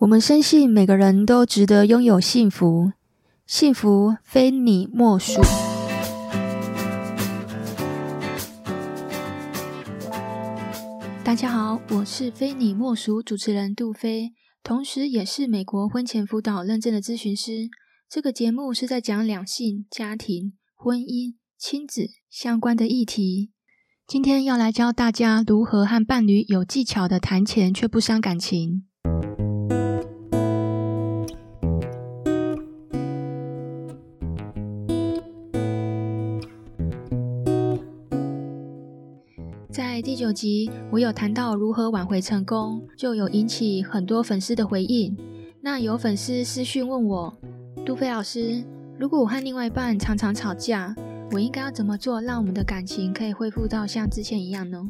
我們深信每個人都值得擁有幸福，幸福非你莫屬。大家好，我是菲妳莫屬主持人杜菲，同時也是美國婚前輔導認證的諮詢師。這個節目是在講兩性、家庭、婚姻、親子相關的議題。今天要來教大家如何和伴侶有技巧的談錢，卻不傷感情。第九集，我有談到如何挽回成功，就有引起很多粉絲的回應。那有粉絲私訊問我，杜飛老師，如果我和另外一半常常吵架，我應該要怎麼做，讓我們的感情可以恢復到像之前一樣呢？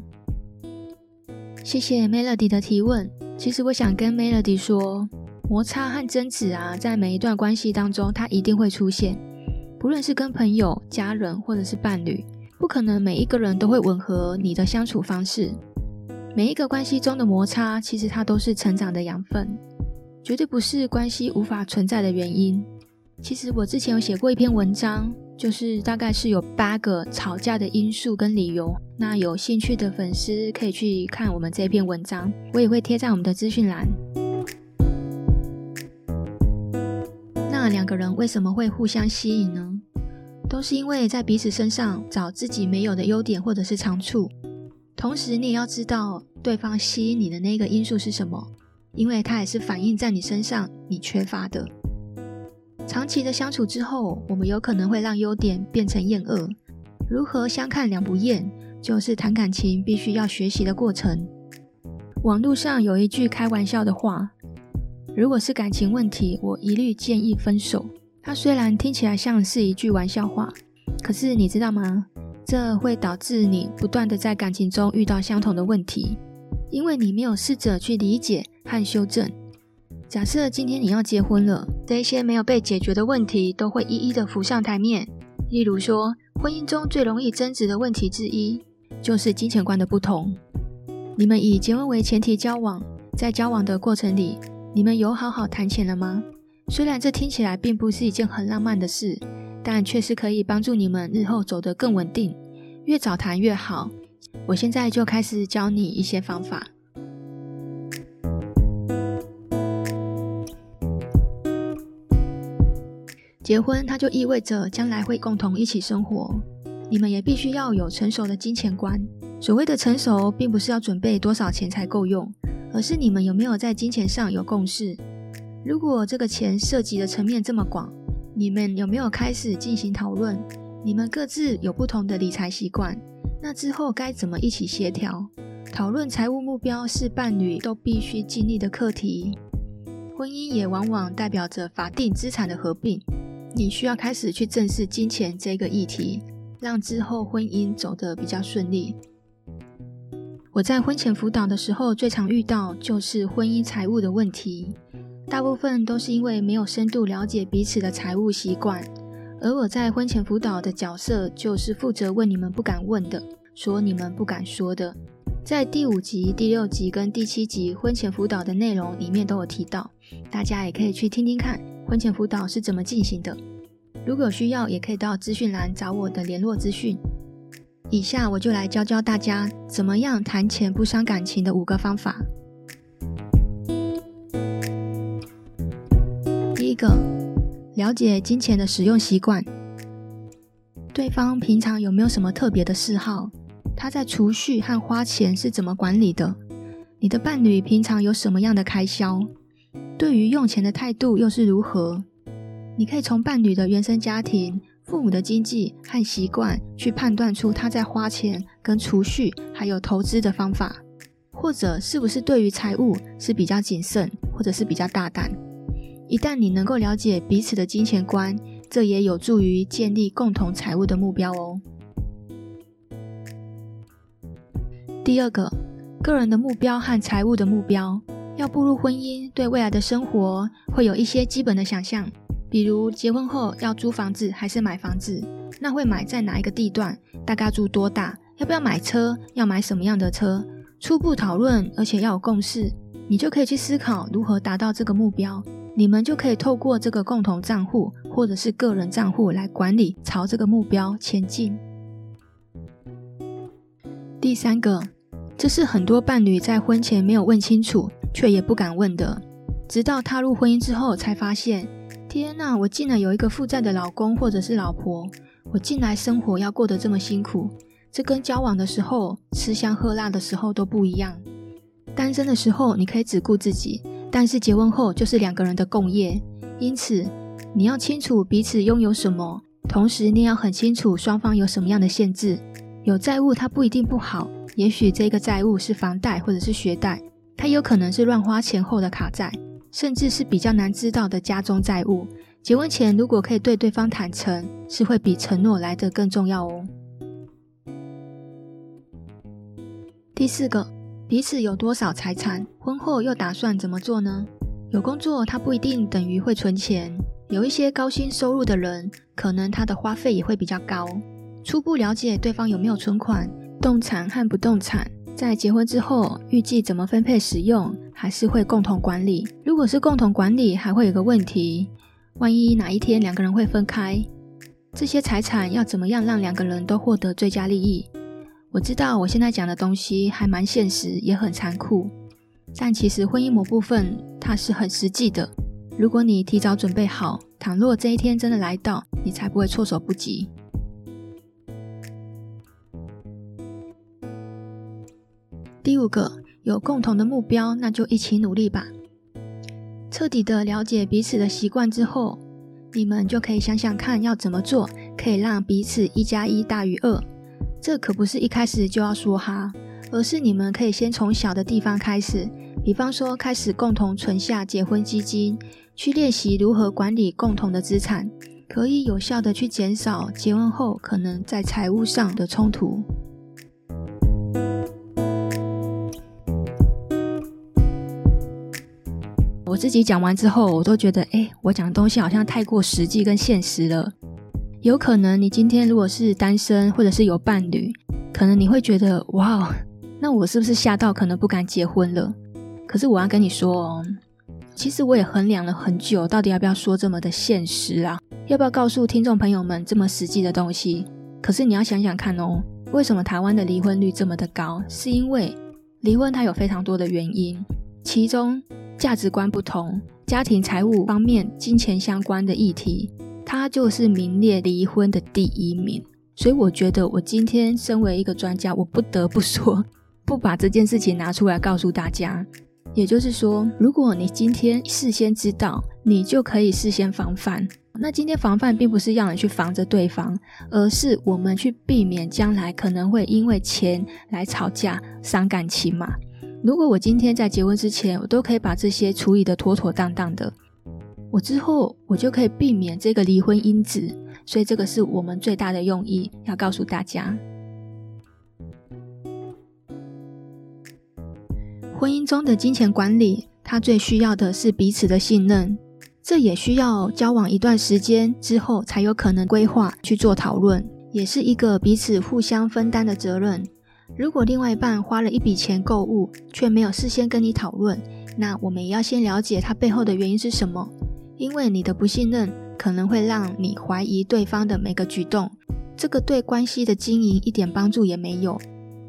謝謝 Melody 的提問。其實我想跟 Melody 說，摩擦和爭執啊，在每一段關係當中，它一定會出現，不論是跟朋友、家人，或者是伴侶。不可能每一個人都會吻合你的相處方式。每一個關係中的摩擦，其實它都是成長的養分，絕對不是關係無法存在的原因。其實我之前有寫過一篇文章，就是大概是有八個吵架的因素跟理由。那有興趣的粉絲可以去看我們這篇文章，我也會貼在我們的資訊欄。那啊，兩個人為什麼會互相吸引呢？都是因為在彼此身上找自己沒有的優點或者是長處，同時你也要知道對方吸引你的那個因素是什麼，因為它也是反映在你身上你缺乏的。長期的相處之後，我們有可能會讓優點變成厭惡。如何相看兩不厭，就是談感情必須要學習的過程。網絡上有一句開玩笑的話：如果是感情問題，我一律建議分手。它雖然聽起來像是一句玩笑話，可是你知道嗎？這會導致你不斷的在感情中遇到相同的問題，因為你沒有試着去理解和修正。假設今天你要結婚了，這一些沒有被解決的問題都會一一的浮上台面。例如說，婚姻中最容易爭執的問題之一，就是金錢觀的不同。你們以結婚為前提交往，在交往的過程裡，你們有好好談錢了嗎？雖然這聽起來並不是一件很浪漫的事，但確實可以幫助你們日後走得更穩定。越早談越好。我現在就開始教你一些方法。結婚，它就意味着將來會共同一起生活。你們也必須要有成熟的金錢觀。所謂的成熟，並不是要準備多少錢才夠用，而是你們有沒有在金錢上有共識。如果這個錢涉及的層面這麼廣，你們有沒有開始進行討論？你們各自有不同的理財習慣，那之後該怎麼一起協調？討論財務目標是伴侶都必須經歷的課題。婚姻也往往代表着法定資產的合併，你需要開始去正視金錢這個議題，讓之後婚姻走得比較順利。我在婚前輔導的時候，最常遇到就是婚姻財務的問題。大部分都是因為沒有深度了解彼此的財務習慣，而我在婚前輔導的角色就是負責問你們不敢問的，說你們不敢說的。在第五集、第六集跟第七集婚前輔導的內容裡面都有提到，大家也可以去聽聽看婚前輔導是怎麼進行的。如果有需要，也可以到資訊欄找我的聯絡資訊。以下我就來教教大家怎麼樣談錢不傷感情的五個方法。個，了解金錢的使用習慣。對方平常有沒有什麼特別的嗜好？他在儲蓄和花錢是怎麼管理的？你的伴侶平常有什麼樣的開銷？對於用錢的態度又是如何？你可以從伴侶的原生家庭、父母的經濟和習慣去判斷出他在花錢跟儲蓄還有投資的方法，或者是不是對於財務是比較謹慎，或者是比較大膽。一旦你能夠了解彼此的金錢觀，這也有助於建立共同財務的目標哦。第二個，個人的目標和財務的目標，要步入婚姻，對未來的生活會有一些基本的想象，比如結婚後要租房子還是買房子？那會買在哪一個地段？大概住多大？要不要買車？要買什麼樣的車？初步討論，而且要有共識，你就可以去思考如何達到這個目標。你們就可以透過這個共同賬戶或者是個人賬戶來管理，朝這個目標前進。第三個，這是很多伴侶在婚前沒有問清楚，卻也不敢問的，直到踏入婚姻之後才發現：天哪，我竟然有一個負債的老公或者是老婆，我進來生活要過得這麼辛苦，這跟交往的時候吃香喝辣的時候都不一樣。單身的時候，你可以只顧自己。但是結婚後就是兩個人的共業，因此你要清楚彼此擁有什麼，同時你要很清楚雙方有什麼樣的限制。有債務它不一定不好，也許這個債務是房貸或者是學貸，它有可能是亂花錢後的卡債，甚至是比較難知道的家中債務。結婚前如果可以對對方坦誠，是會比承諾來得更重要哦。第四個。彼此有多少財產？婚後又打算怎麼做呢？有工作，他不一定等於會存錢。有一些高薪收入的人，可能他的花費也會比較高。初步了解對方有沒有存款、動產和不動產，在結婚之後預計怎麼分配使用，還是會共同管理。如果是共同管理，還會有個問題：萬一哪一天兩個人會分開，這些財產要怎麼樣讓兩個人都獲得最佳利益？我知道我現在講的東西還蠻現實，也很殘酷，但其實婚姻某部分它是很實際的。如果你提早準備好，倘若這一天真的來到，你才不會措手不及。第五個，有共同的目標，那就一起努力吧。徹底的了解彼此的習慣之後，你們就可以想想看要怎麼做，可以讓彼此一加一大於二。這可不是一開始就要說哈，而是你們可以先從小的地方開始，比方說開始共同存下結婚基金，去練習如何管理共同的資產，可以有效的去減少結婚後可能在財務上的衝突。我自己講完之後，我都覺得，誒，我講的東西好像太過實際跟現實了。有可能你今天如果是單身，或者是有伴侶，可能你會覺得哇，那我是不是嚇到，可能不敢結婚了？可是我要跟你說哦，其實我也衡量了很久，到底要不要說這麼的現實啊？要不要告訴聽眾朋友們這麼實際的東西？可是你要想想看哦，為什麼台灣的離婚率這麼的高？是因為離婚它有非常多的原因，其中價值觀不同、家庭財務方面、金錢相關的議題。他就是名列離婚的第一名，所以我覺得我今天身為一個專家，我不得不說，不把這件事情拿出來告訴大家。也就是說，如果你今天事先知道，你就可以事先防範。那今天防範並不是讓你去防着對方，而是我們去避免將來可能會因為錢來吵架傷感情嘛。如果我今天在結婚之前，我都可以把這些處理得妥妥當當的。我之後我就可以避免這個離婚因子，所以這個是我們最大的用意，要告訴大家。婚姻中的金錢管理，它最需要的是彼此的信任，這也需要交往一段時間之後才有可能規劃去做討論，也是一個彼此互相分擔的責任。如果另外一半花了一筆錢購物，卻沒有事先跟你討論，那我們也要先了解他背後的原因是什麼。因為你的不信任，可能會讓你懷疑對方的每個舉動，這個對關係的經營一點幫助也沒有。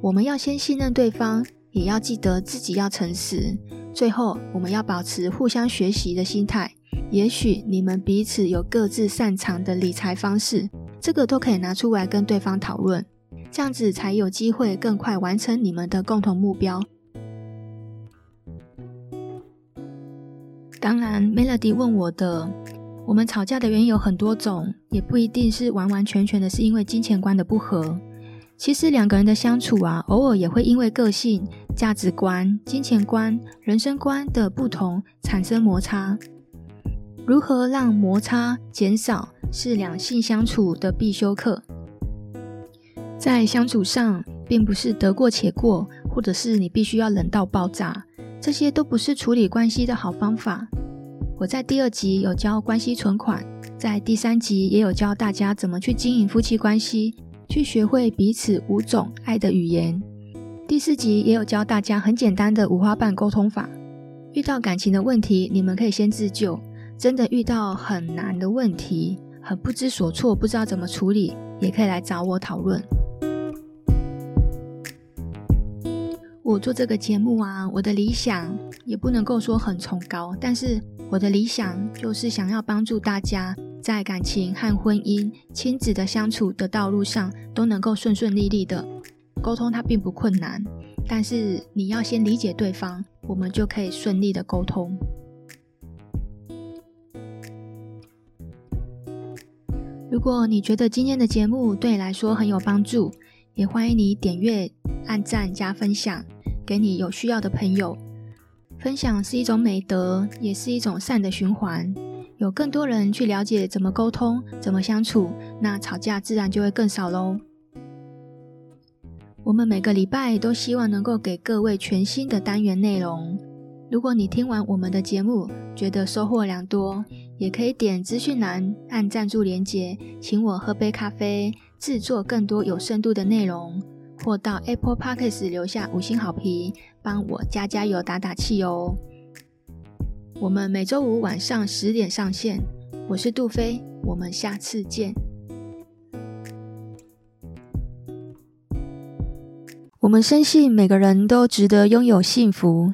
我們要先信任對方，也要記得自己要誠實。最後，我們要保持互相學習的心態。也許你們彼此有各自擅長的理財方式，這個都可以拿出來跟對方討論，這樣子才有機會更快完成你們的共同目標。當然，Melody 問我的，我們吵架的原因有很多種，也不一定是完完全全的是因為金錢觀的不合。其實兩個人的相處啊，偶爾也會因為個性、價值觀、金錢觀、人生觀的不同產生摩擦。如何讓摩擦減少，是兩性相處的必修課。在相處上，並不是得過且過，或者是你必須要冷到爆炸。這些都不是處理關係的好方法。我在第二集有教關係存款，在第三集也有教大家怎麼去經營夫妻關係，去學會彼此五種愛的語言。第四集也有教大家很簡單的五花瓣溝通法。遇到感情的問題，你們可以先自救。真的遇到很難的問題，很不知所措，不知道怎麼處理，也可以來找我討論。我做這個節目啊，我的理想也不能夠說很崇高，但是我的理想就是想要幫助大家在感情和婚姻、親子的相處的道路上都能夠順順利利的。溝通它並不困難，但是你要先理解對方，我們就可以順利的溝通。如果你覺得今天的節目對你來說很有幫助，也歡迎你點閱、按讚、加分享。給你有需要的朋友分享是一種美德，也是一種善的循環。有更多人去了解怎麼溝通、怎麼相處，那吵架自然就會更少嘍。我們每個禮拜都希望能夠給各位全新的單元內容。如果你聽完我們的節目覺得收穫良多，也可以點資訊欄按贊助連結，請我喝杯咖啡，製作更多有深度的內容。或到 Apple Podcast 留下五星好評，幫我加加油、打打氣哦！我們每周五晚上十點上線，我是杜菲，我們下次見。我們深信每個人都值得擁有幸福，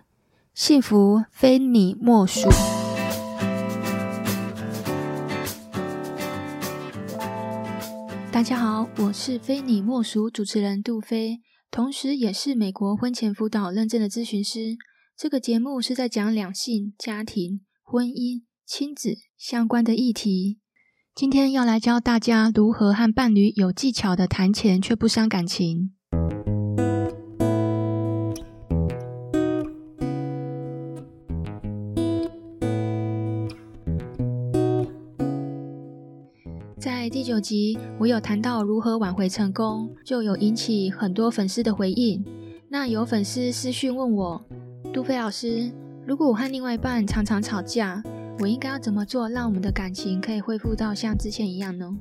幸福非你莫屬。大家好，我是菲妳莫屬主持人杜菲，同時也是美國婚前輔導認證的諮詢師。這個節目是在講兩性、家庭、婚姻、親子相關的議題。今天要來教大家如何和伴侶有技巧的談錢，卻不傷感情。第九集我有談到如何挽回成功，就有引起很多粉絲的回應。那有粉絲私訊問我，杜菲老師，如果我和另外一半常常吵架，我應該要怎麼做，讓我們的感情可以恢復到像之前一樣呢？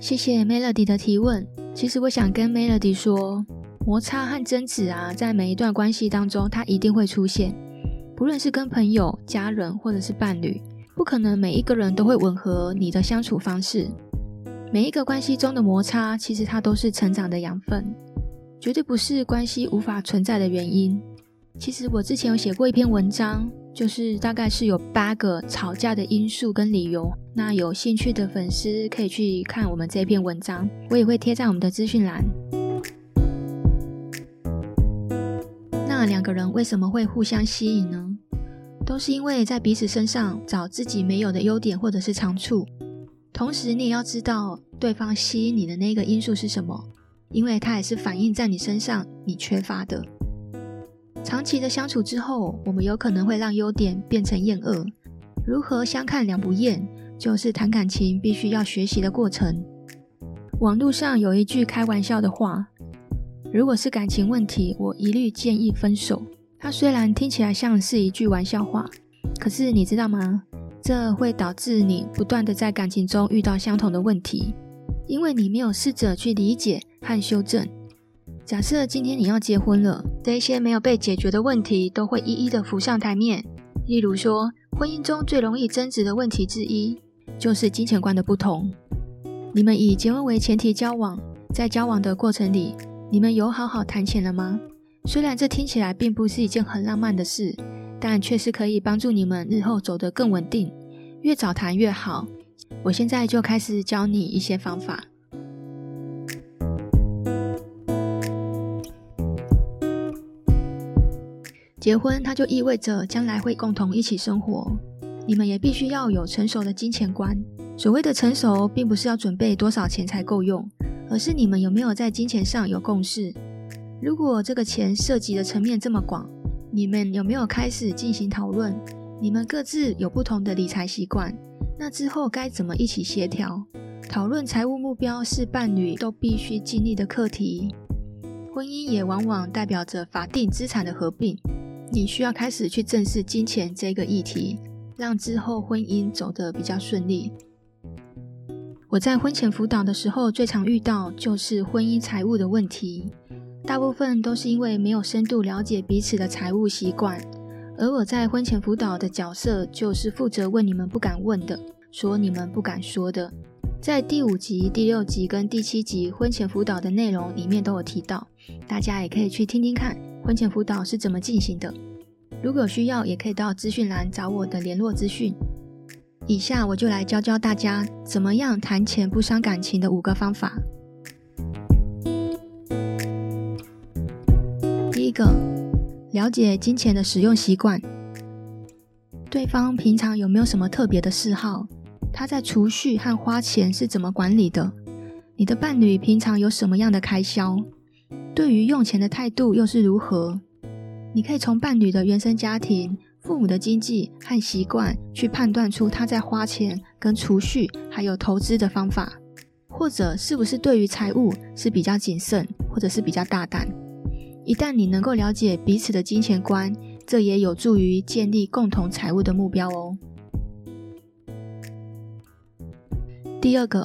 謝謝 Melody 的提問。其實我想跟 Melody 說，摩擦和爭執啊，在每一段關係當中，它一定會出現，不論是跟朋友、家人或者是伴侶。不可能每一個人都會吻合你的相處方式，每一個關係中的摩擦，其實它都是成長的養分，絕對不是關係無法存在的原因。其實我之前有寫過一篇文章，就是大概是有八個吵架的因素跟理由。那有興趣的粉絲可以去看我們這篇文章，我也會貼在我們的資訊欄。那兩個人為什麼會互相吸引呢？都是因為在彼此身上找自己沒有的優點或者是長處，同時你也要知道對方吸引你的那個因素是什麼，因為它也是反映在你身上你缺乏的。長期的相處之後，我們有可能會讓優點變成厭惡。如何相看兩不厭，就是談感情必須要學習的過程。網路上有一句開玩笑的話：如果是感情問題，我一律建議分手。它雖然聽起來像是一句玩笑話，可是你知道嗎？這會導致你不斷的在感情中遇到相同的問題，因為你沒有試着去理解和修正。假設今天你要結婚了，這一些沒有被解決的問題都會一一的浮上台面。例如說，婚姻中最容易爭執的問題之一，就是金錢觀的不同。你們以結婚為前提交往，在交往的過程裡，你們有好好談錢了嗎？雖然這聽起來並不是一件很浪漫的事，但卻是可以幫助你們日後走得更穩定。越早談越好。我現在就開始教你一些方法。結婚，它就意味着將來會共同一起生活。你們也必須要有成熟的金錢觀。所謂的成熟，並不是要準備多少錢才夠用，而是你們有沒有在金錢上有共識。如果這個錢涉及的層面這麼廣，你們有沒有開始進行討論？你們各自有不同的理財習慣，那之後該怎麼一起協調？討論財務目標是伴侶都必須經歷的課題。婚姻也往往代表着法定資產的合併，你需要開始去正視金錢這個議題，讓之後婚姻走得比較順利。我在婚前輔導的時候，最常遇到就是婚姻財務的問題。大部分都是因為沒有深度了解彼此的財務習慣，而我在婚前輔導的角色就是負責問你們不敢問的，說你們不敢說的。在第五集、第六集跟第七集婚前輔導的內容裡面都有提到，大家也可以去聽聽看婚前輔導是怎麼進行的。如果有需要，也可以到資訊欄找我的聯絡資訊。以下我就來教教大家怎麼樣談錢不傷感情的五個方法。個，了解金錢的使用習慣。對方平常有沒有什麼特別的嗜好？他在儲蓄和花錢是怎麼管理的？你的伴侶平常有什麼樣的開銷？對於用錢的態度又是如何？你可以從伴侶的原生家庭、父母的經濟和習慣去判斷出他在花錢、跟儲蓄還有投資的方法，或者是不是對於財務是比較謹慎，或者是比較大膽。一旦你能夠了解彼此的金錢觀，這也有助於建立共同財務的目標哦。第二個，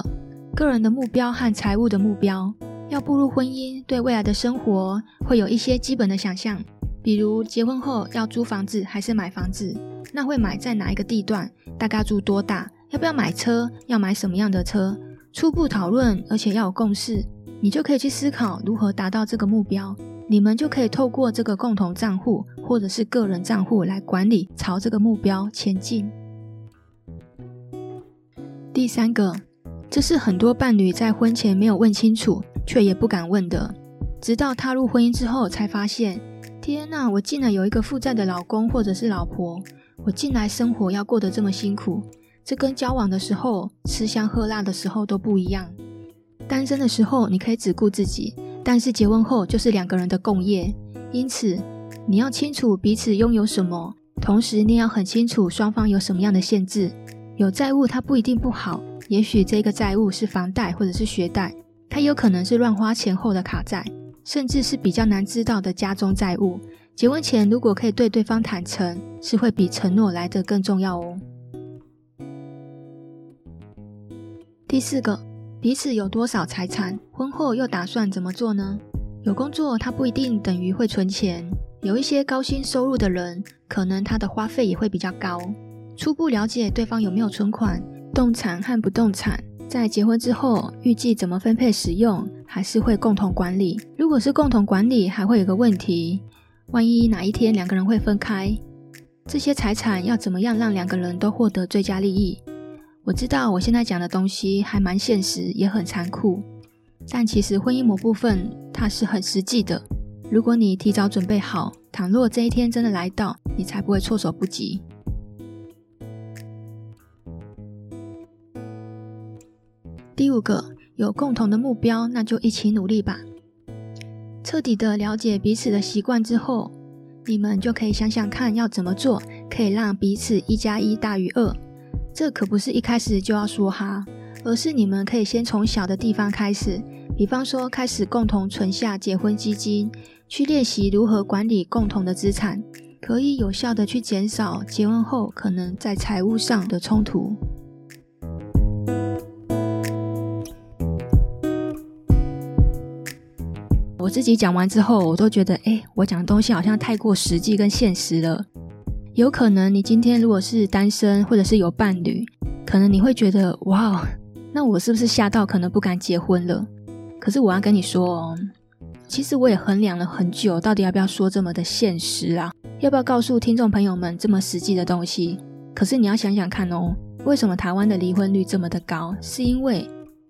個人的目標和財務的目標，要步入婚姻，對未來的生活會有一些基本的想象，比如結婚後要租房子還是買房子？那會買在哪一個地段？大概住多大？要不要買車？要買什麼樣的車？初步討論，而且要有共識，你就可以去思考如何達到這個目標。你們就可以透過這個共同賬戶或者是個人賬戶來管理，朝這個目標前進。第三個，這是很多伴侶在婚前沒有問清楚，卻也不敢問的，直到踏入婚姻之後才發現：天哪，我竟然有一個負債的老公或者是老婆，我進來生活要過得這麼辛苦，這跟交往的時候吃香喝辣的時候都不一樣。單身的時候，你可以只顧自己。但是結婚後就是兩個人的共業，因此你要清楚彼此擁有什麼，同時你要很清楚雙方有什麼樣的限制。有債務它不一定不好，也許這個債務是房貸或者是學貸，它有可能是亂花錢後的卡債，甚至是比較難知道的家中債務。結婚前如果可以對對方坦誠，是會比承諾來得更重要哦。第四個。彼此有多少財產？婚後又打算怎麼做呢？有工作，他不一定等於會存錢。有一些高薪收入的人，可能他的花費也會比較高。初步了解對方有沒有存款、動產和不動產，在結婚之後預計怎麼分配使用，還是會共同管理。如果是共同管理，還會有個問題：萬一哪一天兩個人會分開，這些財產要怎麼樣讓兩個人都獲得最佳利益？我知道我現在講的東西還蠻現實，也很殘酷，但其實婚姻某部分它是很實際的。如果你提早準備好，倘若這一天真的來到，你才不會措手不及。第五個，有共同的目標，那就一起努力吧。徹底的了解彼此的習慣之後，你們就可以想想看要怎麼做，可以讓彼此一加一大於二。這可不是一開始就要說哈，而是你們可以先從小的地方開始，比方說，開始共同存下結婚基金，去練習如何管理共同的資產，可以有效的去減少結婚後可能在財務上的衝突。我自己講完之後，我都覺得，誒，我講的東西好像太過實際跟現實了。有可能你今天如果是單身，或者是有伴侶，可能你會覺得哇，那我是不是嚇到，可能不敢結婚了？可是我要跟你說哦，其實我也衡量了很久，到底要不要說這麼的現實啊？要不要告訴聽眾朋友們這麼實際的東西？可是你要想想看哦，為什麼台灣的離婚率這麼的高？是因為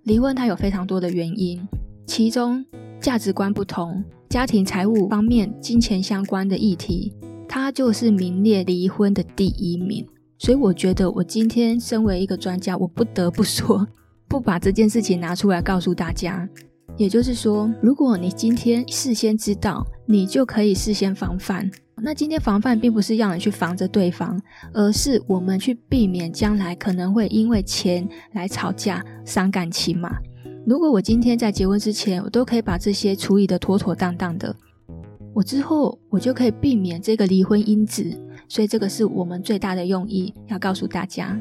離婚它有非常多的原因，其中價值觀不同、家庭財務方面、金錢相關的議題。他就是名列離婚的第一名，所以我覺得我今天身為一個專家，我不得不說，不把這件事情拿出來告訴大家。也就是說，如果你今天事先知道，你就可以事先防範。那今天防範並不是讓你去防着對方，而是我們去避免將來可能會因為錢來吵架傷感情嘛。如果我今天在結婚之前，我都可以把這些處理得妥妥當當的。我之後我就可以避免這個離婚因子，所以這個是我們最大的用意，要告訴大家。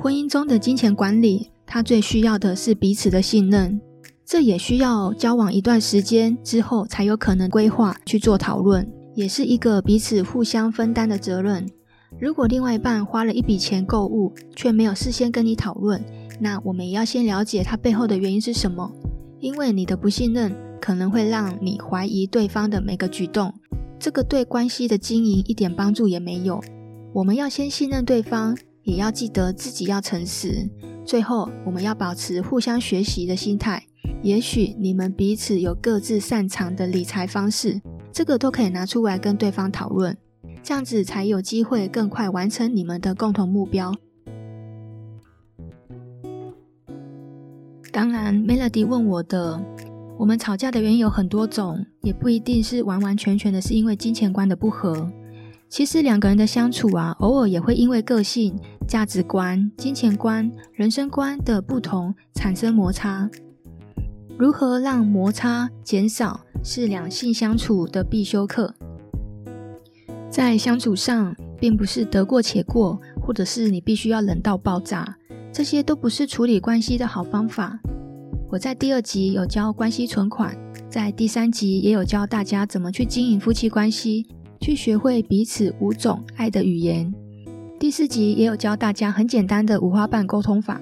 婚姻中的金錢管理，它最需要的是彼此的信任，這也需要交往一段時間之後才有可能規劃去做討論，也是一個彼此互相分擔的責任。如果另外一半花了一筆錢購物，卻沒有事先跟你討論，那我們也要先了解他背後的原因是什麼。因為你的不信任，可能會讓你懷疑對方的每個舉動，這個對關係的經營一點幫助也沒有。我們要先信任對方，也要記得自己要誠實。最後，我們要保持互相學習的心態。也許你們彼此有各自擅長的理財方式，這個都可以拿出來跟對方討論，這樣子才有機會更快完成你們的共同目標。當然，Melody 問我的，我們吵架的原因有很多種，也不一定是完完全全的是因為金錢觀的不合。其實兩個人的相處啊，偶爾也會因為個性、價值觀、金錢觀、人生觀的不同產生摩擦。如何讓摩擦減少，是兩性相處的必修課。在相處上，並不是得過且過，或者是你必須要冷到爆炸。這些都不是處理關係的好方法。我在第二集有教關係存款，在第三集也有教大家怎麼去經營夫妻關係，去學會彼此五種愛的語言。第四集也有教大家很簡單的五花瓣溝通法。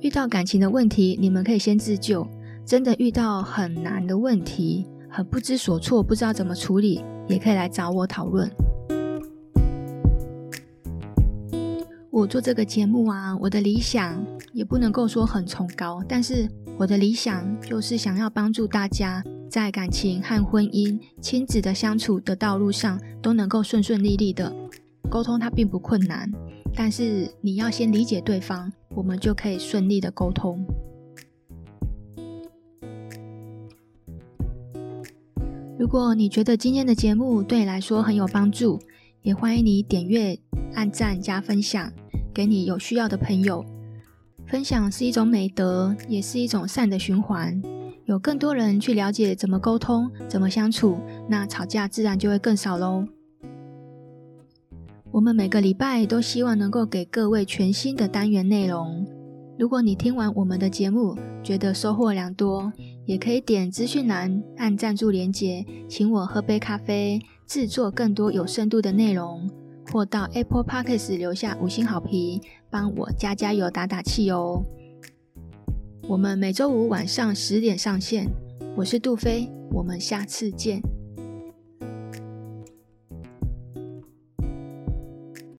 遇到感情的問題，你們可以先自救，真的遇到很難的問題，很不知所措，不知道怎麼處理，也可以來找我討論。我做這個節目啊，我的理想也不能夠說很崇高，但是我的理想就是想要幫助大家在感情和婚姻、親子的相處的道路上都能夠順順利利的溝通。它並不困難，但是你要先理解對方，我們就可以順利的溝通。如果你覺得今天的節目對你來說很有幫助，也歡迎你點閱、按讚、加分享。給你有需要的朋友分享是一種美德，也是一種善的循環。有更多人去了解怎麼溝通、怎麼相處，那吵架自然就會更少嘍。我們每個禮拜都希望能夠給各位全新的單元內容。如果你聽完我們的節目覺得收穫良多，也可以點資訊欄按贊助連結，請我喝杯咖啡，制作更多有深度的內容。或到 Apple Podcast 留下五星好評，幫我加加油、打打氣哦！我們每周五晚上十點上線，我是杜菲，我們下次見。